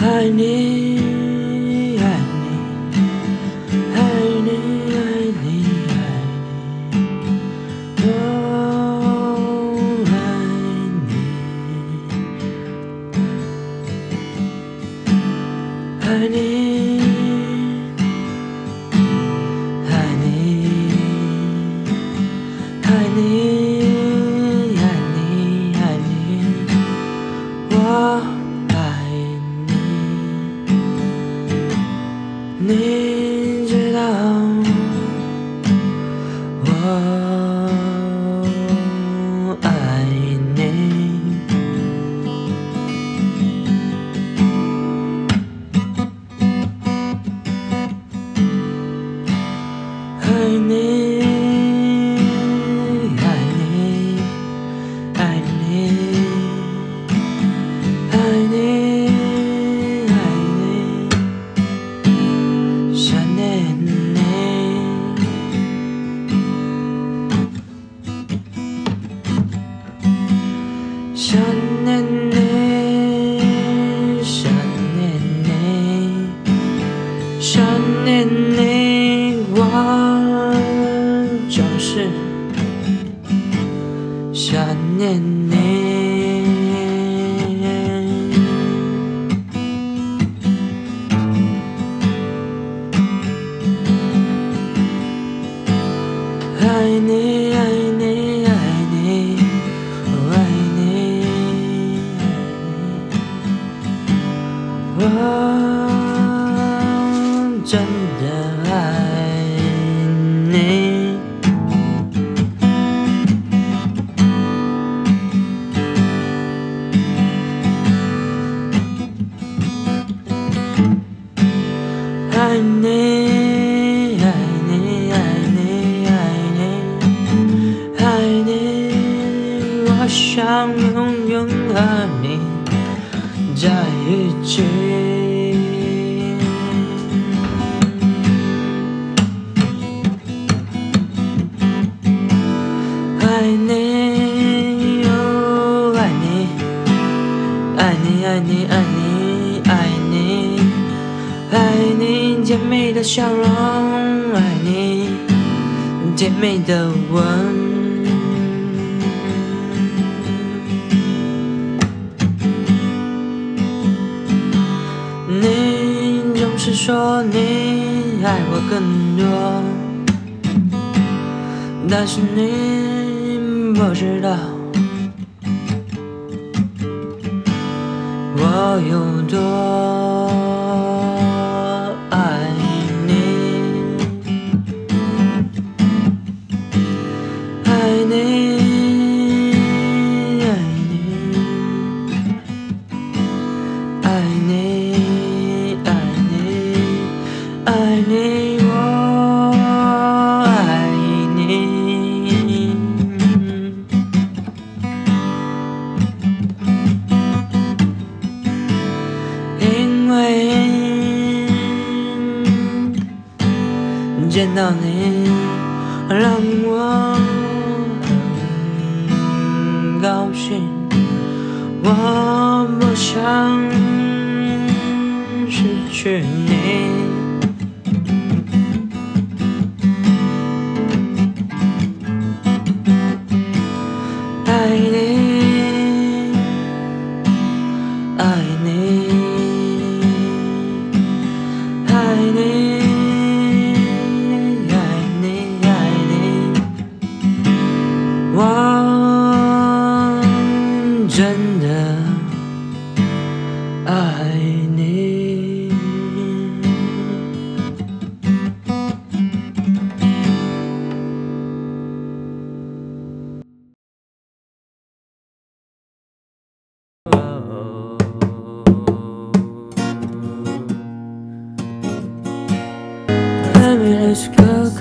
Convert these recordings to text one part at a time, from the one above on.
爱你，爱你，爱你，爱你，爱你。name. wall. 你。爱你，爱你，爱你，爱你，爱你，我想永远和你在一起。爱你，爱你，爱你，爱你，甜蜜的笑容，爱你，甜蜜的吻。你总是说你爱我更多，但是你不知道。我有多？见到你让我很高兴，我不想失去你。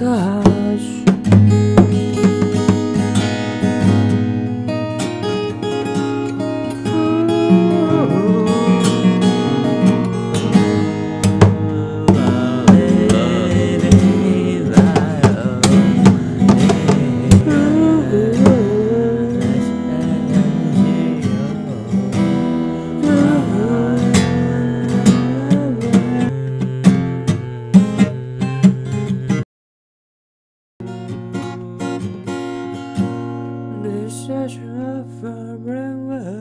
the far away.